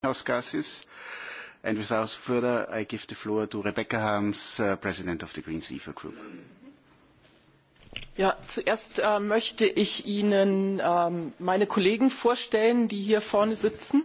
greenhouse gases. without further, I give the floor to Rebecca Harms, President of the Green EFA Group. Ja, zuerst möchte ich Ihnen meine Kollegen vorstellen, die hier vorne sitzen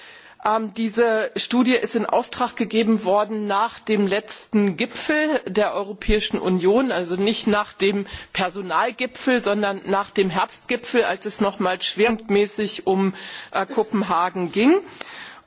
diese studie ist in auftrag gegeben worden nach dem letzten gipfel der europäischen union also nicht nach dem personalgipfel sondern nach dem herbstgipfel als es noch einmal schwerpunktmäßig um kopenhagen ging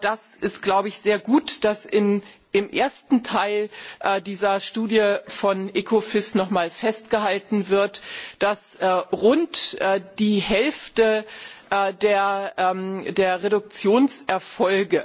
das ist glaube ich sehr gut dass im ersten teil dieser studie von ecofis noch einmal festgehalten wird dass rund die hälfte der reduktionserfolge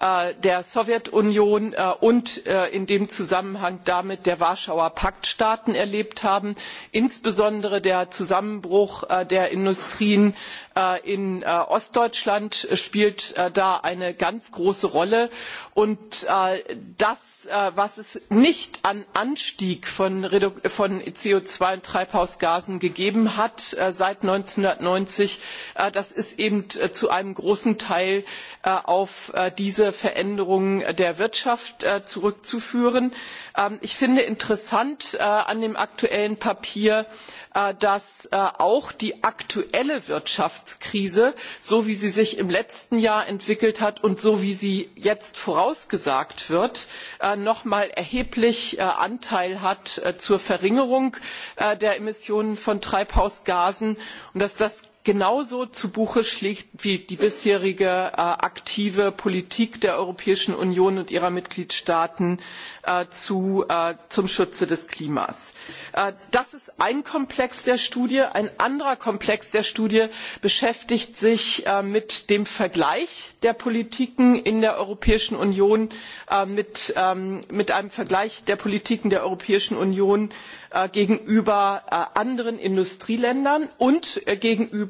der sowjetunion und in dem zusammenhang damit der warschauer Paktstaaten erlebt haben insbesondere der zusammenbruch der industrien in ostdeutschland spielt da eine ganz große rolle und das was es nicht an anstieg von co 2 und treibhausgasen gegeben hat seit eintausendneunhundertneunzig das ist eben zu einem großen teil auf diese veränderungen der wirtschaft zurückzuführen. ich finde interessant an dem aktuellen papier dass auch die aktuelle wirtschaft Wirtschaftskrise, so wie sie sich im letzten Jahr entwickelt hat und so wie sie jetzt vorausgesagt wird, noch einmal erheblich Anteil hat zur Verringerung der Emissionen von Treibhausgasen und dass genauso zu buche schlägt wie die bisherige aktive politik der europäischen union und ihrer mitgliedstaaten zum schutze des klimas. das ist ein komplex der studie. ein anderer komplex der studie beschäftigt sich mit dem vergleich der politiken in der europäischen union mit einem vergleich der politiken der europäischen union gegenüber anderen industrieländern und gegenüber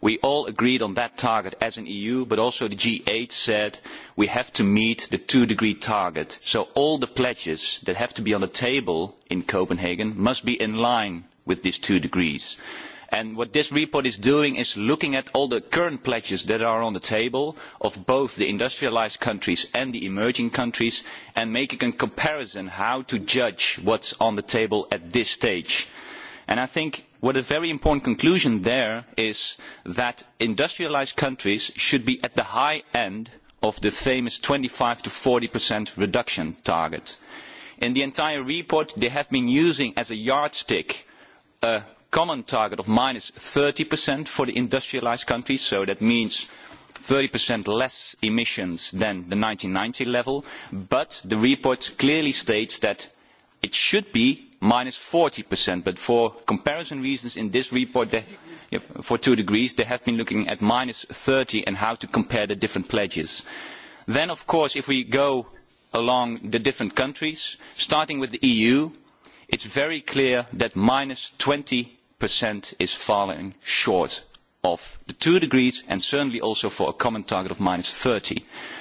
We all agreed on that target as an EU, but also the G8 said we have to meet the two-degree target. So all the pledges that have to be on the table in Copenhagen must be in line with these two degrees. And what this report is doing is looking at all the current pledges that are on the table of both the industrialised countries and the emerging countries and making a comparison how to judge what's on the table at this stage. And I think What a very important conclusion there is that industrialised countries should be at the high end of the famous 25 to 40% reduction target. In the entire report, they have been using as a yardstick a common target of minus 30% for the industrialised countries, so that means 30% less emissions than the 1990 level, but the report clearly states that it should be minus 40%. But for comparison reasons in this report, for two degrees, they have been looking at minus 30 and how to compare the different pledges. Then, of course, if we go along the different countries, starting with the EU, it's very clear that minus 20% is falling short of the two degrees and certainly also for a common target of minus 30%.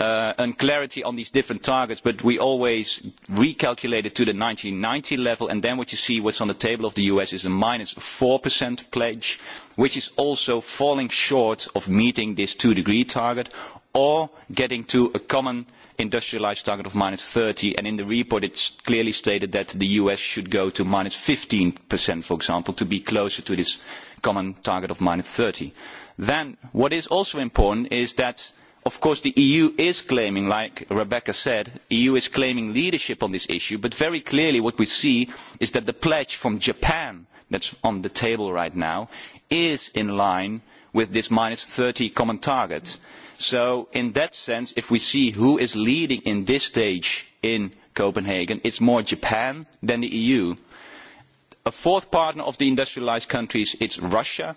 and clarity on these different targets, but we always recalculate it to the 1990 level, and then what you see what's on the table of the US is a minus 4% pledge, which is also falling short of meeting this two degree target or getting to a common industrialised target of minus 30, and in the report it's clearly stated that the US should go to minus 15%, for example, to be closer to this common target of minus 30. Then what is also important is that Of course, the EU is claiming, like Rebecca said, the EU is claiming leadership on this issue, but very clearly what we see is that the pledge from Japan that's on the table right now is in line with this minus 30 common target. So in that sense, if we see who is leading in this stage in Copenhagen, it's more Japan than the EU. A fourth partner of the industrialised countries, it's Russia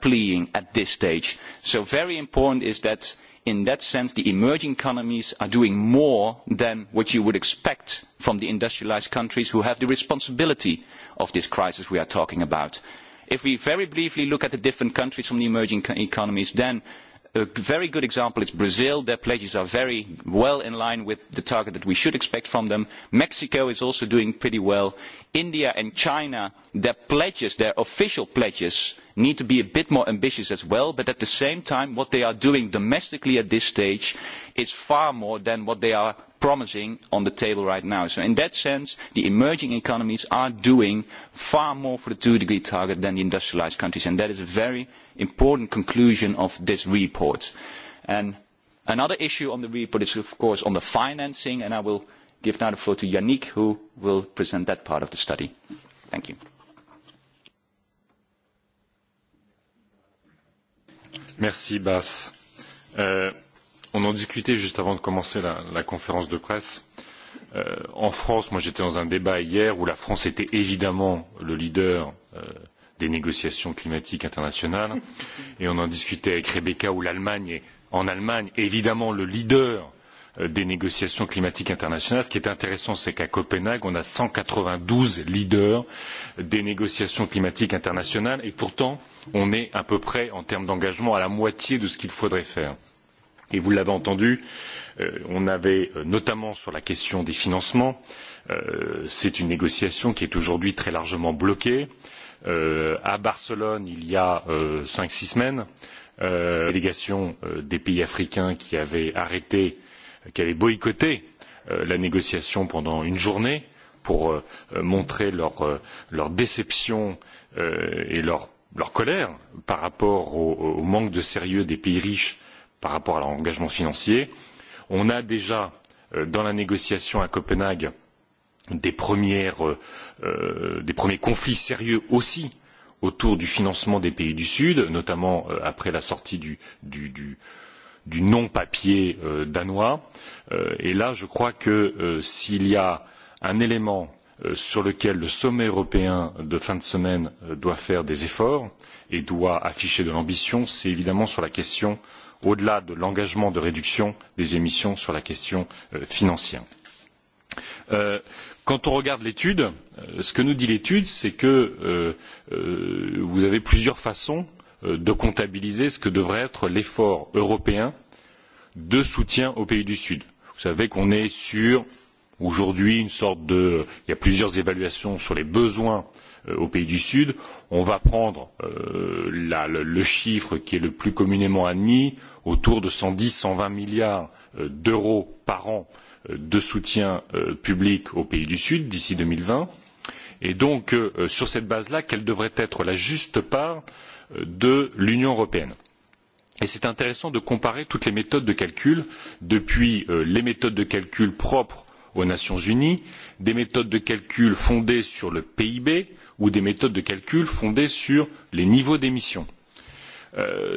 pleading at this stage. So very important is that in that sense the emerging economies are doing more than what you would expect from the industrialised countries who have the responsibility of this crisis we are talking about. If we very briefly look at the different countries from the emerging economies, then A very good example is Brazil. Their pledges are very well in line with the target that we should expect from them. Mexico is also doing pretty well. India and China, their pledges, their official pledges, need to be a bit more ambitious as well. But at the same time, what they are doing domestically at this stage is far more than what they are promising on the table right now. So in that sense, the emerging economies are doing far more for the two-degree target than the industrialised countries. And that is a very important conclusion of this report. and Another issue on the report is, of course, on the financing, and I will give now the floor to Yannick, who will present that part of the study. Thank you. Merci, Bas. On en discutait juste avant de commencer la conférence de presse. En France, moi j'étais dans un débat hier où la France était évidemment le leader des négociations climatiques internationales. Et on en discutait avec Rebecca où l'Allemagne, est en Allemagne, évidemment le leader des négociations climatiques internationales. Ce qui est intéressant, c'est qu'à Copenhague, on a 192 leaders des négociations climatiques internationales. Et pourtant, on est à peu près, en termes d'engagement, à la moitié de ce qu'il faudrait faire. Et vous l'avez entendu, on avait notamment sur la question des financements, c'est une négociation qui est aujourd'hui très largement bloquée à Barcelone il y a cinq six semaines, la délégation des pays africains qui avaient arrêté, qui avaient boycotté la négociation pendant une journée pour montrer leur déception et leur colère par rapport au manque de sérieux des pays riches par rapport à leur engagement financier. On a déjà, dans la négociation à Copenhague, des premiers conflits sérieux aussi autour du financement des pays du Sud, notamment après la sortie du non-papier danois. Et là, je crois que s'il y a un élément sur lequel le sommet européen de fin de semaine doit faire des efforts et doit afficher de l'ambition, c'est évidemment sur la question, au-delà de l'engagement de réduction des émissions, sur la question financière. Quand on regarde l'étude, ce que nous dit l'étude, c'est que vous avez plusieurs façons de comptabiliser ce que devrait être l'effort européen de soutien aux pays du Sud. Vous savez qu'on est sur, aujourd'hui, une sorte de. Il y a plusieurs évaluations sur les besoins aux pays du Sud. On va prendre le chiffre qui est le plus communément admis, autour de 110-120 milliards d'euros par an de soutien public aux pays du Sud d'ici 2020. Et donc, sur cette base-là, quelle devrait être la juste part de l'Union européenne Il est intéressant de comparer toutes les méthodes de calcul, depuis les méthodes de calcul propres aux Nations Unies, des méthodes de calcul fondées sur le PIB ou des méthodes de calcul fondées sur les niveaux d'émission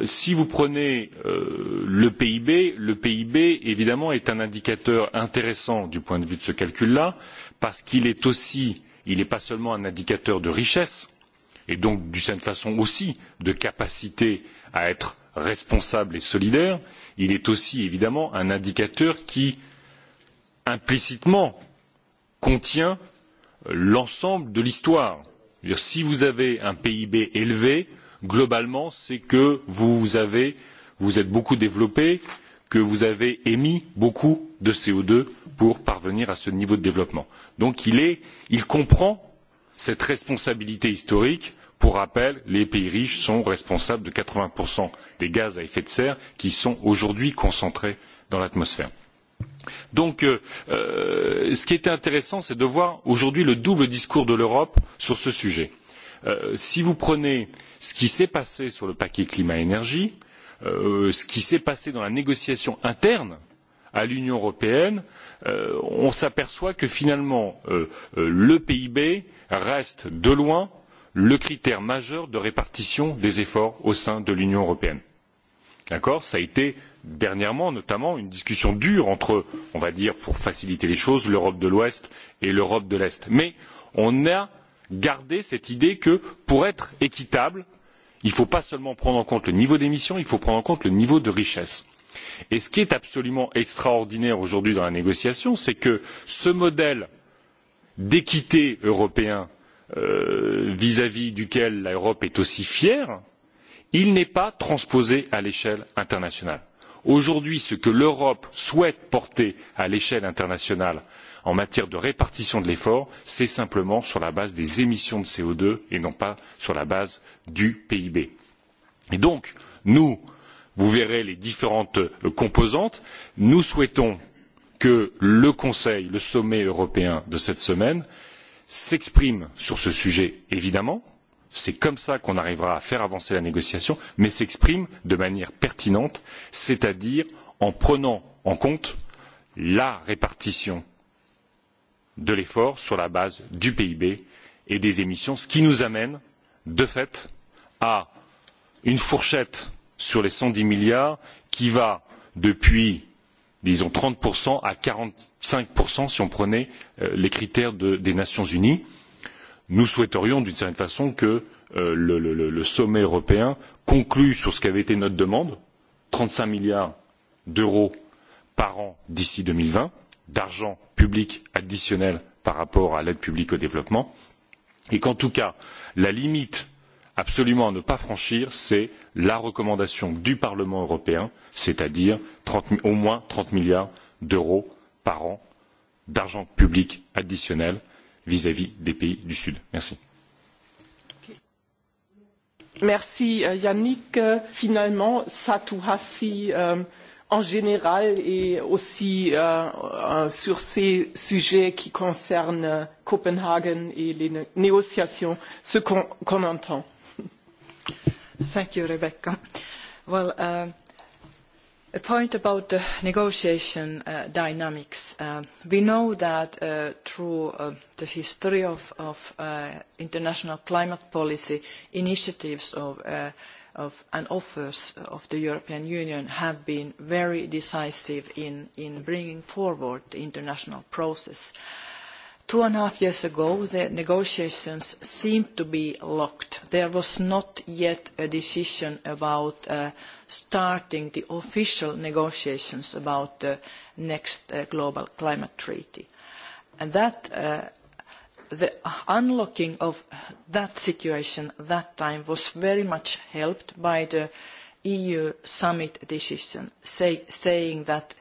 si vous prenez le pib le pib évidemment est un indicateur intéressant du point de vue de ce calcul là parce qu'il est aussi il n'est pas seulement un indicateur de richesse et donc d'une certaine façon aussi de capacité à être responsable et solidaire il est aussi évidemment un indicateur qui implicitement contient l'ensemble de l'histoire. si vous avez un pib élevé globalement, c'est que vous vous êtes beaucoup développé, que vous avez émis beaucoup de CO2 pour parvenir à ce niveau de développement. Donc il comprend cette responsabilité historique. Pour rappel, les pays riches sont responsables de 80% des gaz à effet de serre qui sont aujourd'hui concentrés dans l'atmosphère. Donc ce qui était intéressant, c'est de voir aujourd'hui le double discours de l'Europe sur ce sujet. Si vous prenez ce qui s'est passé sur le paquet climat énergie ce qui s'est passé dans la négociation interne à l'union européenne on s'aperçoit que finalement le pib reste de loin le critère majeur de répartition des efforts au sein de l'union européenne. D'accord? cela a été dernièrement notamment une discussion dure entre on va dire pour faciliter les choses l'europe de l'ouest et l'europe de l'est mais on a gardé cette idée que pour être équitable il ne faut pas seulement prendre en compte le niveau d'émissions, il faut prendre en compte le niveau de richesse. et ce qui est absolument extraordinaire aujourd'hui dans la négociation c'est que ce modèle d'équité européen vis à vis duquel l'europe est aussi fière il n'est pas transposé à l'échelle internationale. aujourd'hui ce que l'europe souhaite porter à l'échelle internationale en matière de répartition de l'effort c'est simplement sur la base des émissions de co deux et non pas sur la base du pib. et donc nous vous verrez les différentes composantes nous souhaitons que le conseil le sommet européen de cette semaine s'exprime sur ce sujet évidemment c'est comme cela qu'on arrivera à faire avancer la négociation mais s'exprime de manière pertinente c'est à dire en prenant en compte la répartition de l'effort sur la base du pib et des émissions ce qui nous amène de fait à une fourchette sur les cent dix milliards qui va depuis disons trente à quarante cinq si on prenait les critères des nations unies. nous souhaiterions d'une certaine façon que le sommet européen conclue sur ce qu'avait été notre demande trente cinq milliards d'euros par an d'ici deux mille vingt d'argent public additionnel par rapport à l'aide publique au développement et qu'en tout cas la limite absolument à ne pas franchir c'est la recommandation du parlement européen c'est à dire au moins trente milliards d'euros par an d'argent public additionnel vis à vis des pays du sud. merci. merci yannick. finalement satu hassi en général et aussi sur ces sujets qui concernent Copenhagen et les négociations, ce qu'on entend. Thank you, Rebecca. Well, a point about the negotiation dynamics. We know that through the history of international climate policy initiatives of and offers of the European Union have been very decisive in bringing forward the international process. Two and a half years ago, the negotiations seemed to be locked. There was not yet a decision about starting the official negotiations about the next Global Climate Treaty. And that the unlocking of that situation that time was very much helped by the EU summit decision saying that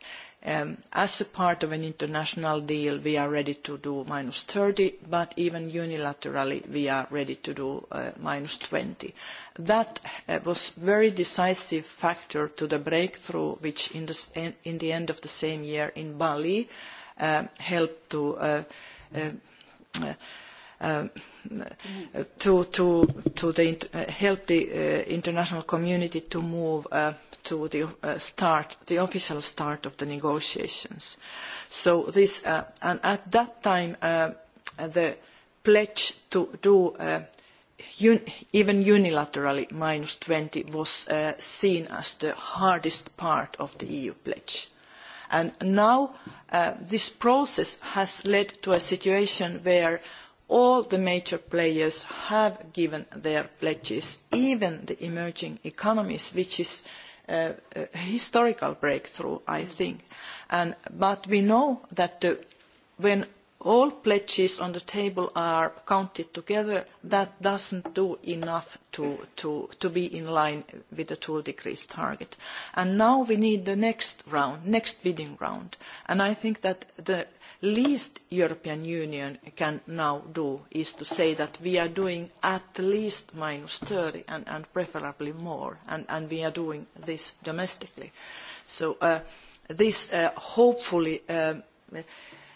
as a part of an international deal we are ready to do minus 30 but even unilaterally we are ready to do minus 20. That was a very decisive factor to the breakthrough which in the end of the same year in Bali helped to to help the international community to move to the start, the official start of the negotiations. So this, and at that time, the pledge to do even unilaterally minus 20 was seen as the hardest part of the EU pledge and now this process has led to a situation where all the major players have given their pledges even the emerging economies which is a historical breakthrough i think but we know that when all pledges on the table are counted together, that doesn't do enough to be in line with the two degrees target. And now we need the next round, next bidding round. And I think that the least European Union can now do is to say that we are doing at least minus 30 and preferably more, and we are doing this domestically. So this hopefully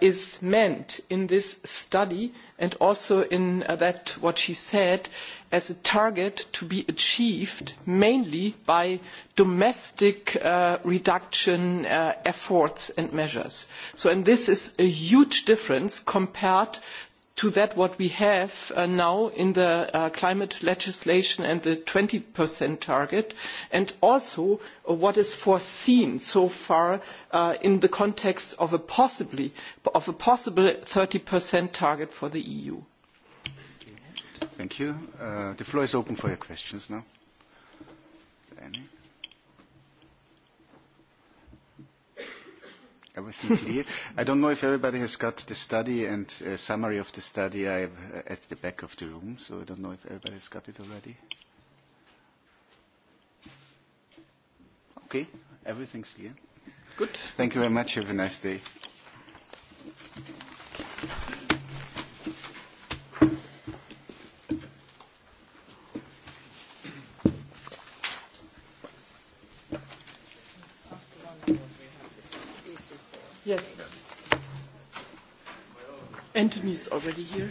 is meant in this study and also in that what she said as a target to be achieved mainly by domestic reduction efforts and measures. So and this is a huge difference compared to that what we have now in the climate legislation and the 20% target, and also what is foreseen so far in the context of a possibly of a possible 30% target for the EU. Thank you. The floor is open for your questions now. I I don't know if everybody has got the study and a summary of the study I have at the back of the room, so I don't know if everybody has got it already. Okay, everything's clear. Good. Thank you very much. Have a nice day. Yes. Anthony is already here.